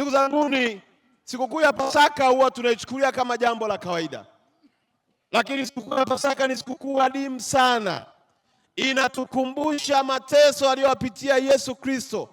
Ndugu zanguni, sikukuu ya Pasaka huwa tunaichukulia kama jambo la kawaida, lakini sikukuu ya Pasaka ni sikukuu adimu sana. Inatukumbusha mateso aliyopitia Yesu Kristo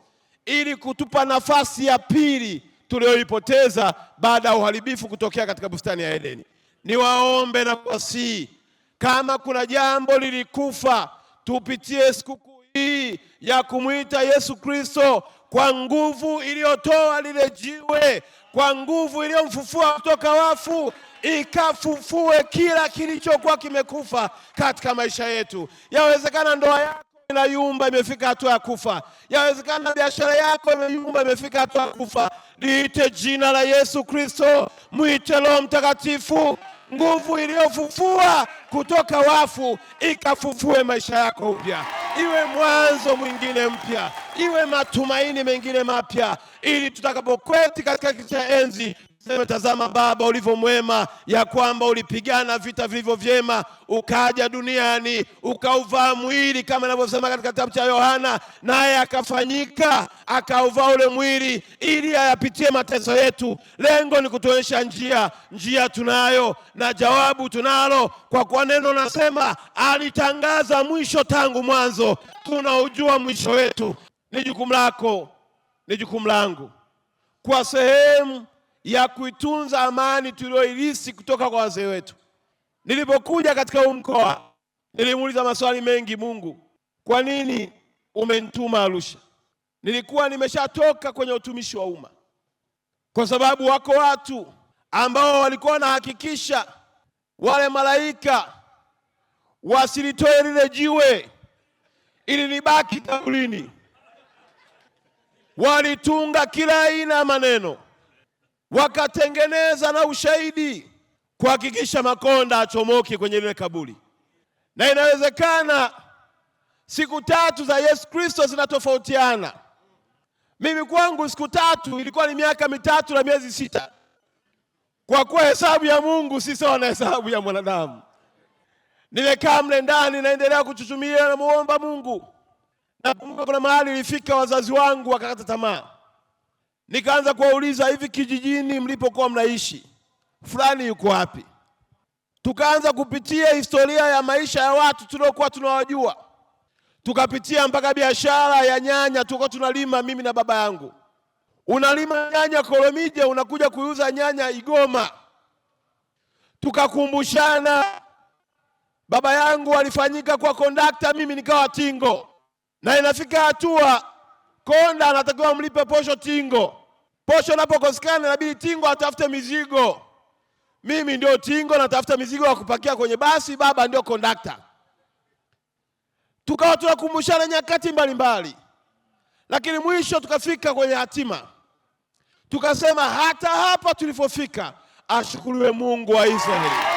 ili kutupa nafasi ya pili tuliyoipoteza baada ya uharibifu kutokea katika bustani ya Edeni. Niwaombe na kuwasihi, kama kuna jambo lilikufa, tupitie sikukuu hii ya kumwita Yesu Kristo kwa nguvu iliyotoa lile jiwe, kwa nguvu iliyomfufua kutoka wafu, ikafufue kila kilichokuwa kimekufa katika maisha yetu. Yawezekana ndoa yako inayumba imefika hatua ya kufa. Yawezekana biashara yako imeyumba imefika hatua ya kufa. Liite jina la Yesu Kristo, mwite Roho Mtakatifu, nguvu iliyofufua kutoka wafu ikafufue maisha yako upya iwe mwanzo mwingine mpya, iwe matumaini mengine mapya, ili tutakapokweti katika kiti cha enzi Sema, tazama Baba ulivyo mwema, ya kwamba ulipigana vita vilivyo vyema, ukaja duniani ukauvaa mwili kama inavyosema katika kitabu cha Yohana, naye akafanyika akauvaa ule mwili ili ayapitie mateso yetu. Lengo ni kutuonyesha njia, njia tunayo na jawabu tunalo, kwa kuwa neno nasema alitangaza mwisho tangu mwanzo, tunaujua mwisho wetu. Ni jukumu lako, ni jukumu langu kwa sehemu ya kuitunza amani tuliyoirisi kutoka kwa wazee wetu. Nilipokuja katika huu mkoa nilimuuliza maswali mengi Mungu, kwa nini umenituma Arusha? Nilikuwa nimeshatoka kwenye utumishi wa umma, kwa sababu wako watu ambao walikuwa wanahakikisha wale malaika wasilitoe lile jiwe ili libaki kaburini. Walitunga kila aina ya maneno wakatengeneza na ushahidi kuhakikisha Makonda achomoki kwenye lile kaburi. Na inawezekana siku tatu za Yesu Kristo zinatofautiana. Mimi kwangu siku tatu ilikuwa ni miaka mitatu na miezi sita, kwa kuwa hesabu ya Mungu si sawa na hesabu ya mwanadamu. Nimekaa mle ndani, naendelea kuchuchumia, namuomba Mungu. Nakumbuka kuna mahali ilifika wazazi wangu wakakata tamaa Nikaanza kuwauliza hivi, kijijini mlipokuwa mnaishi fulani yuko wapi? Tukaanza kupitia historia ya maisha ya watu tuliokuwa tunawajua, tukapitia mpaka biashara ya nyanya tulikuwa tunalima, mimi na baba yangu. Unalima nyanya Koromija, unakuja kuiuza nyanya Igoma. Tukakumbushana, baba yangu alifanyika kwa kondakta, mimi nikawa tingo, na inafika hatua Konda anatakiwa mlipe posho tingo. Posho inapokosekana inabidi tingo atafute mizigo. Mimi ndio tingo, natafuta mizigo ya kupakia kwenye basi, baba ndio kondakta. Tukawa tunakumbushana nyakati mbalimbali mbali. Lakini mwisho tukafika kwenye hatima, tukasema hata hapa tulipofika ashukuriwe Mungu wa Israeli.